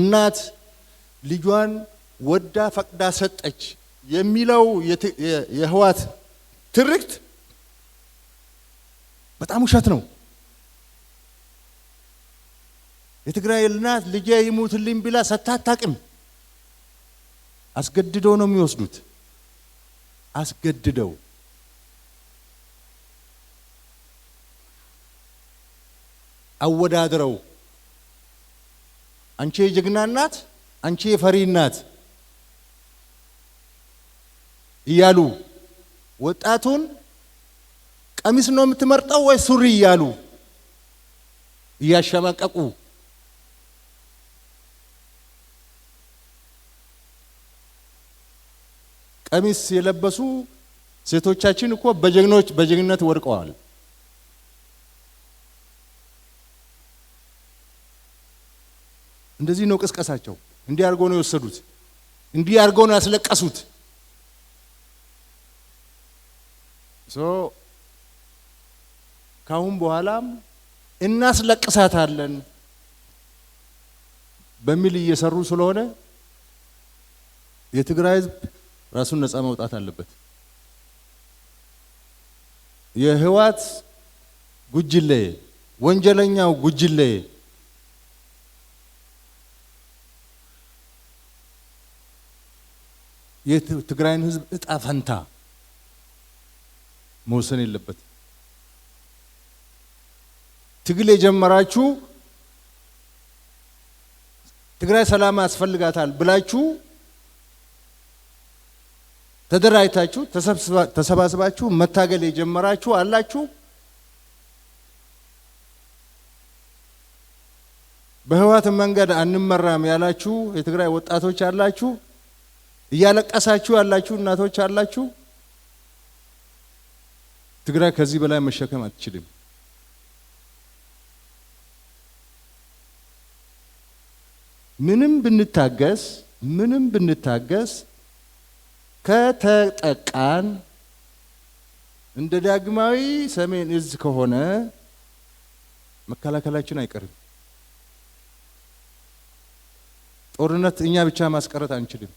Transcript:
እናት ልጇን ወዳ ፈቅዳ ሰጠች የሚለው የህዋት ትርክት በጣም ውሸት ነው። የትግራይ እናት ልጄ ይሙትልኝ ብላ ሰጥታ አታውቅም። አስገድደው ነው የሚወስዱት። አስገድደው አወዳድረው አንቺ የጀግና እናት፣ አንቺ የፈሪ እናት እያሉ ወጣቱን ቀሚስ ነው የምትመርጠው ወይ ሱሪ እያሉ እያሸማቀቁ ቀሚስ የለበሱ ሴቶቻችን እኮ በጀግኖች በጀግነት ወድቀዋል። እንደዚህ ነው ቅስቀሳቸው። እንዲህ አድርገው ነው የወሰዱት። እንዲህ አድርገው ነው ያስለቀሱት። ካሁን በኋላም እናስለቅሳታለን በሚል እየሰሩ ስለሆነ የትግራይ ህዝብ ራሱን ነፃ መውጣት አለበት። የህዋት ጉጅሌ፣ ወንጀለኛው ጉጅሌ የትግራይን ህዝብ እጣ ፈንታ መወሰን የለበት ትግል የጀመራችሁ ትግራይ ሰላም ያስፈልጋታል ብላችሁ ተደራጅታችሁ ተሰባስባችሁ መታገል የጀመራችሁ አላችሁ። በህወሓት መንገድ አንመራም ያላችሁ የትግራይ ወጣቶች አላችሁ። እያለቀሳችሁ ያላችሁ እናቶች አላችሁ። ትግራይ ከዚህ በላይ መሸከም አትችልም። ምንም ብንታገስ ምንም ብንታገስ ከተጠቃን እንደ ዳግማዊ ሰሜን እዝ ከሆነ መከላከላችን አይቀርም። ጦርነት እኛ ብቻ ማስቀረት አንችልም።